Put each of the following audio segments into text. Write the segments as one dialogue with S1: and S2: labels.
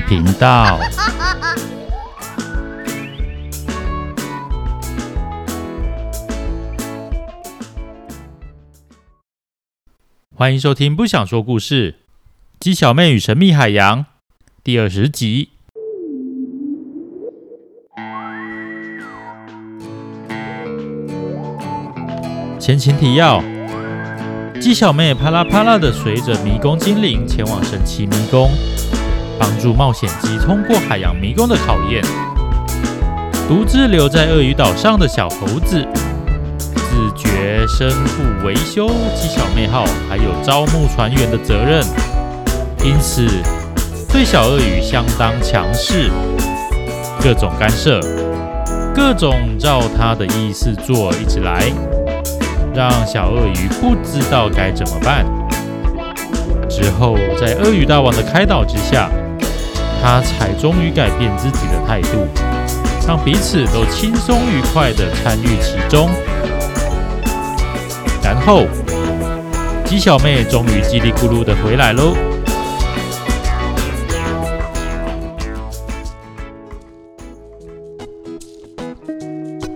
S1: 頻道，
S2: 歡迎收聽《不想說故事》雞小妹與神秘海洋第二十集。前情提要：雞小妹啪啦啪啦的，隨着迷宮精靈前往神奇迷宮。幫助冒險雞通過海洋迷宮的考驗，獨自留在鱷魚島上的小猴子，自覺身負維修雞小妹號還有招募船員的責任，因此對小鱷魚相當強勢，各種干涉，各種照他的意思做，一直來，讓小鱷魚不知道該怎麼辦。之後在鱷魚大王的開導之下。他才終於改變自己的態度，讓彼此都輕鬆愉快的參與其中。然後，雞小妹終於嘰裡咕嚕的回來嘍！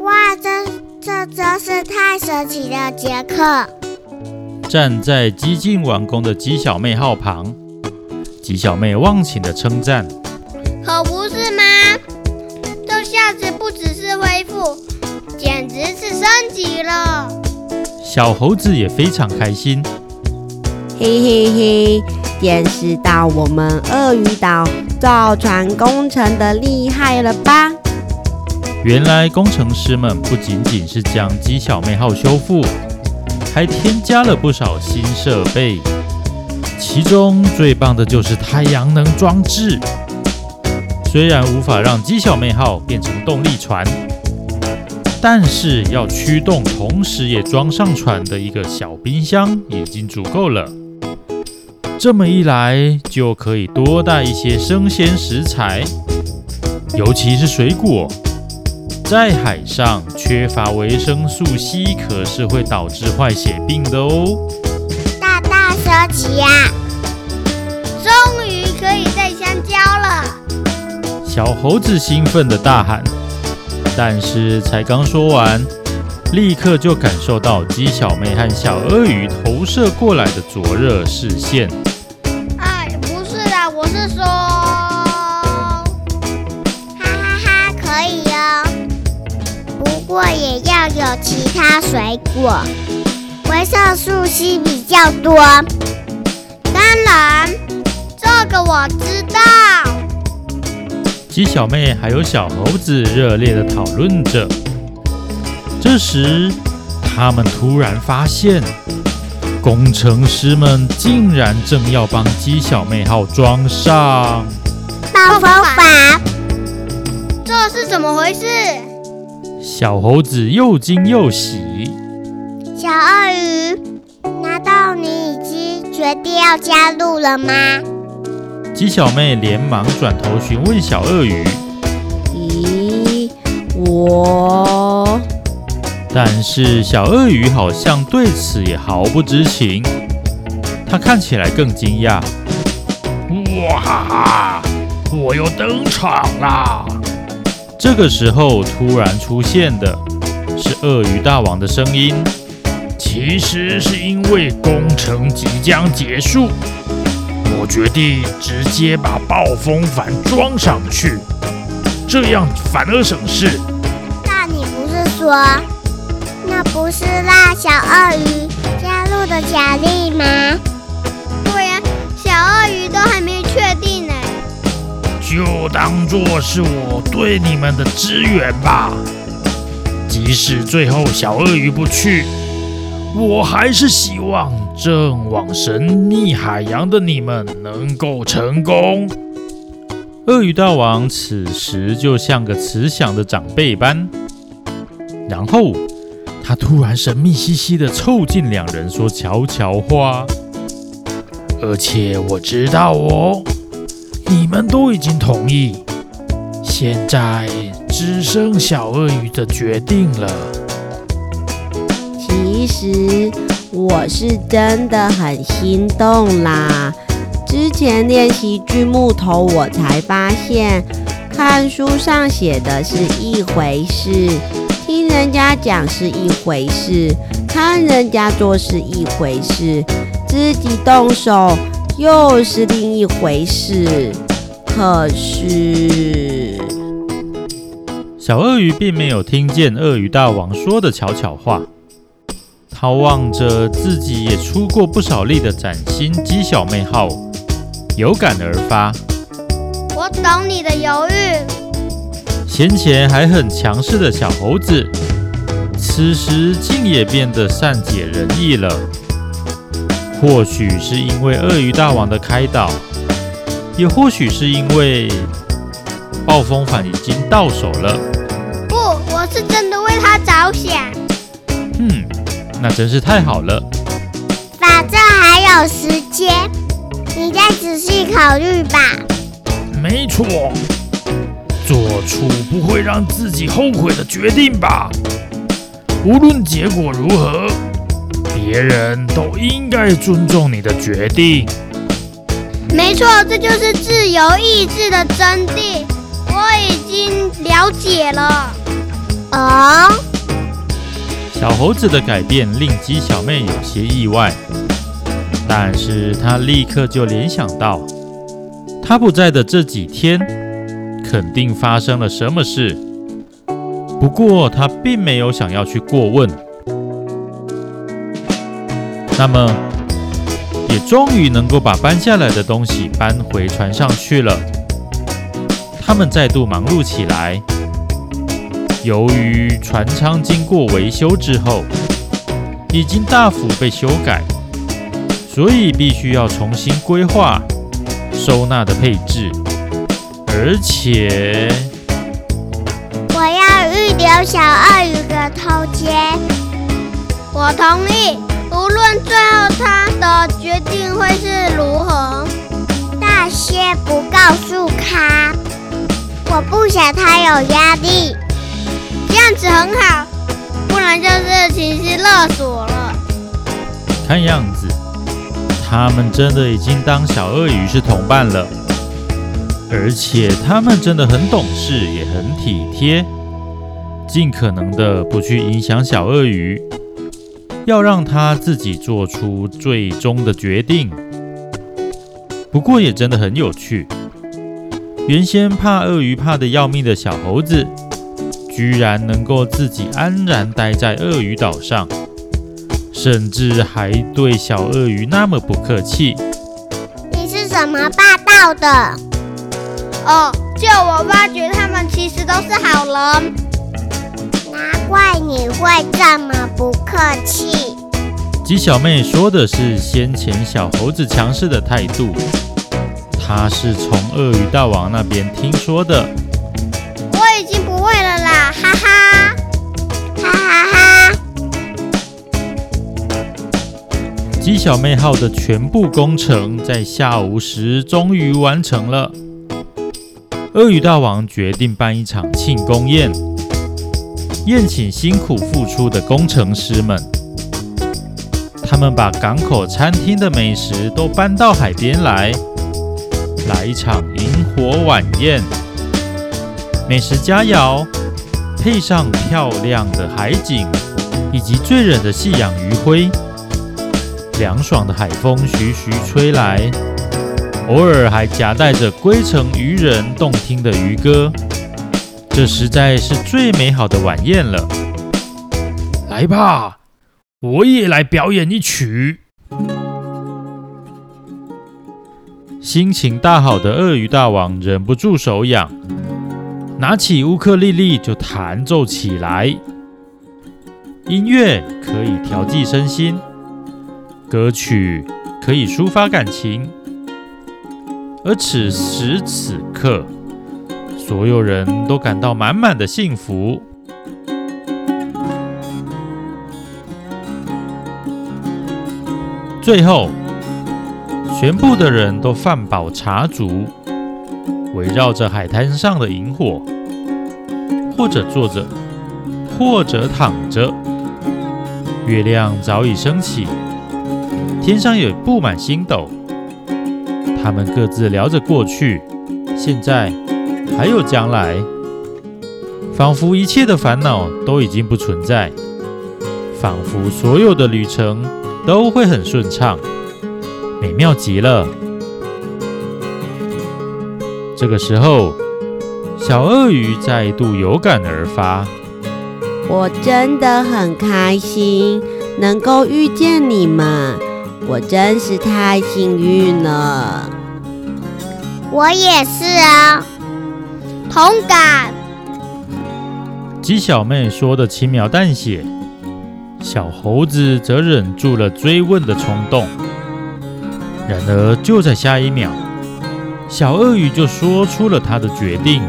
S1: 哇，這這真是太神奇了，杰克！
S2: 站在幾近完工的雞小妹號旁。雞小妹忘情的稱讚：“
S1: 可不是嗎？這下子不只是恢復，簡直是升級了！”
S2: 小猴子也非常開心：“
S3: 嘿嘿嘿，見識到我們鱷魚島造船工程的厲害了吧？”
S2: 原來工程師們不僅僅是將雞小妹號修復，還添加了不少新設備。其中最棒的就是太陽能裝置，雖然無法讓雞小妹號變成動力船，但是要驅動同時也裝上船的一個小冰箱已經足夠了。這麼一來就可以多帶一些生鮮食材，尤其是水果，在海上缺乏維生素 C，可是會導致壞血病的哦。
S1: 超級呀！終於可以帶香蕉了！
S2: 小猴子興奮地大喊，但是才剛說完，立刻就感受到雞小妹和小鱷魚投射過來的灼熱視線。
S1: 哎，不是啦，我是說，哈哈哈哈，可以哦，不過也要有其他水果。像素西比較多，當然，這個我知道。
S2: 雞小妹還有小猴子熱烈的討論着。這時，他們突然發現，工程師們竟然正要幫雞小妹號裝上
S1: 暴風帆，這是怎麼回事？
S2: 小猴子又驚又喜。
S1: 小鱷魚，難道你已經決定要加入了
S3: 嗎？
S2: 雞小妹連忙轉頭詢問小鱷魚。
S3: 咦，我……
S2: 但是小鱷魚好像對此也毫不知情。他看起來更驚訝。
S4: 哇哈哈！我又登場啦！
S2: 這個時候突然出現的是鱷魚大王的聲音。
S4: 其實是因為工程即將結束，我決定直接把暴風帆裝上去，這樣反而省事。
S1: 那你不是說，那不是拉小鱷魚加入的獎勵嗎？不然、啊、小鱷魚都還沒確定呢。
S4: 就當做是我對你們的支援吧，即使最後小鱷魚不去。我還是希望正往神秘海洋的你們能夠成功。
S2: 鱷魚大王此時就像個慈祥的長輩般，然後他突然神秘兮兮的湊近兩人說悄悄話而且
S4: 我知道哦，你們都已經同意，現在只剩小鱷魚的決定了。
S3: 其實我是真的很心動啦！之前練習鋸木頭，我才發現，看書上寫的是一回事，聽人家講是一回事，看人家做是一回事，自己動手又是另一回事。可是，
S2: 小鱷魚並沒有聽見鱷魚大王說的悄悄話。他望着自己也出過不少力的嶄新雞小妹號有感而發：“
S1: 我懂你的猶豫。”
S2: 先前還很強勢的小猴子，此時竟也變得善解人意了。或許是因為鱷魚大王的開導，也或許是因為暴風帆已經到手了。
S1: 不，我是真的為他着想。
S2: 嗯。那真是太好了。
S1: 反正還有時間，你再仔細考慮吧。
S2: 沒錯，做出
S4: 不會讓自己後悔的決定吧。無論結果如何，別人都應該尊重你的決定。
S1: 沒錯，這就是自由意志的真諦。我已經了解了。啊、哦？
S2: 小猴子的改變令雞小妹有些意外，但是她立刻就聯想到，她不在的這幾天，肯定發生了什麼事。不過她並沒有想要去過問。那麼，也終於能夠把搬下來的東西搬回船上去了。他們再度忙碌起來。由於船艙經過維修之後，已經大幅被修改，所以必須要重新規劃收納的配置。而且，
S1: 我要預留小鱷魚的偷接，我同意，無論最後他的決定會是如何，大些不告訴他，我不想他有壓力。這樣子很好，不然就是情緒勒索了。
S2: 看樣子，他們真的已經當小鱷魚是同伴了，而且他們真的很懂事，也很體貼，盡可能的不去影響小鱷魚，要讓他自己做出最終的決定。不過也真的很有趣，原先怕鱷魚怕得要命的小猴子。居然能夠自己安然待在鱷魚島上，甚至還對小鱷魚那麼不客氣。
S1: 你是怎麼霸道的？哦，就我發覺他們其實都是好人，難怪你會這麼不客氣。
S2: 雞小妹說的是先前小猴子強勢的態度，她是從鱷魚大王那邊聽說的。雞小妹號的全部工程在下午時終於完成了。鱷魚大王決定辦一場慶功宴，宴，宴請辛苦付出的工程師們。他們把港口餐廳的美食都搬到海邊來，來一場螢火晚宴。美食佳肴配上漂亮的海景，以及醉人的夕陽餘暉。涼爽的海風徐徐吹來，偶爾還夾帶着歸程漁人動聽的漁歌，這實在是最美好的晚宴了。來吧，我也來表演一曲。心情大好的鱷魚大王忍不住手癢，拿起烏克麗麗就彈奏起來。音樂可以調劑身心。歌曲可以抒發感情，而此時此刻，所有人都感到滿滿的幸福。最後，全部的人都飯飽茶足，圍繞着海灘上的營火，或者坐着，或者躺着。月亮早已升起。天上也佈滿星斗，他們各自聊着過去、現在，還有將來，仿佛一切的煩惱都已經不存在，仿佛所有的旅程都會很順暢，美妙極了。這個時候，小鱷魚再度有感而發：“
S3: 我真的很開心能夠遇見你們。”我真是太幸運了。
S1: 我也是啊，同感。
S2: 雞小妹說的輕描淡寫，小猴子則忍住了追問的衝動。然而就在下一秒，小鱷魚就說出了他的決定：“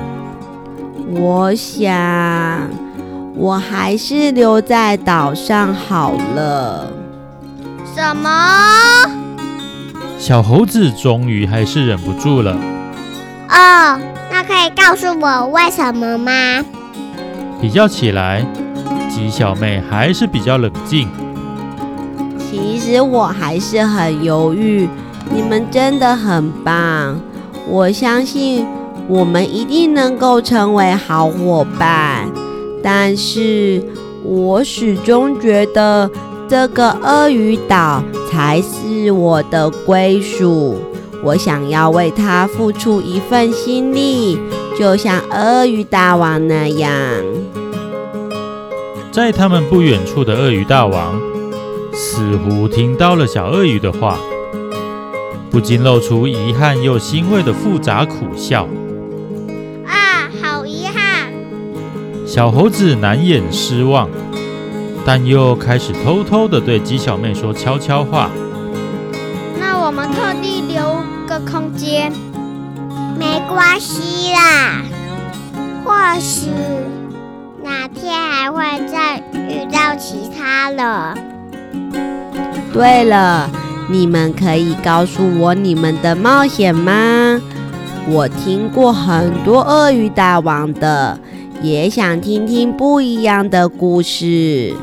S3: 我想，我還是留在島上好了。”
S1: 什麼？
S2: 小猴子終於還是忍不住
S1: 了。哦，那可以告訴我為什麼嗎？
S2: 比較起來，雞小妹還是比較冷靜。
S3: 其實我還是很猶豫，你們真的很棒。我相信我們一定能夠成為好夥伴。但是我始終覺得。這個鱷魚島才是我的歸屬，我想要為它付出一份心力，就像鱷魚大王那樣。
S2: 在他們不遠處的鱷魚大王，似乎聽到了小鱷魚的話，不禁露出遺憾又欣慰的複雜苦笑。
S1: 啊，好遺憾！
S2: 小猴子難掩失望。但又開始偷偷地對雞小妹說悄悄話。
S1: 那我們特地留個空間，沒關係啦。或許哪天還會再遇到其他了。
S3: 對了，你們可以告訴我你們的冒險嗎？我聽過很多鱷魚大王的，也想聽聽不一樣的故事。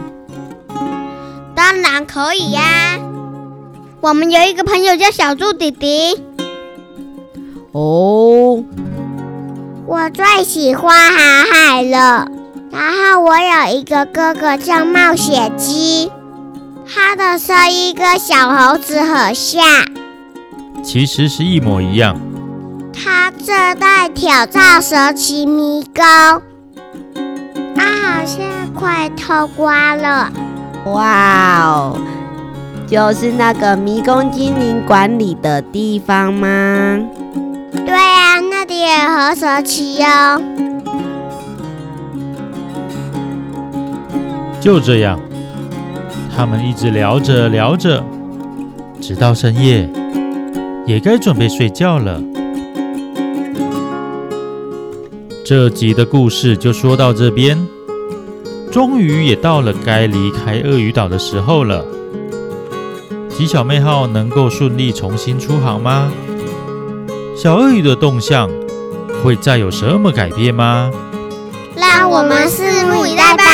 S1: 可以呀！啊，我們有一個朋友叫小豬弟弟。
S3: 哦，
S1: 我最喜歡航海了。然後我有一個哥哥叫冒險雞，他的聲音跟小猴子很像，
S2: 其實是一模一樣。
S1: 他正在挑戰神奇迷宮，他好像快通關了。
S3: 哇哦，就是那個迷宮精靈管理的地方嗎？
S1: 對啊，那裡也很神奇哦。
S2: 就這樣，他們一直聊着聊着，直到深夜，也該準備睡覺了。這集的故事就說到這邊。終於也到了該離開鱷魚島的時候了。雞小妹號能夠順利重新出航嗎？小鱷魚的動向會再有什麼改變嗎？
S1: 那我們拭目以待吧。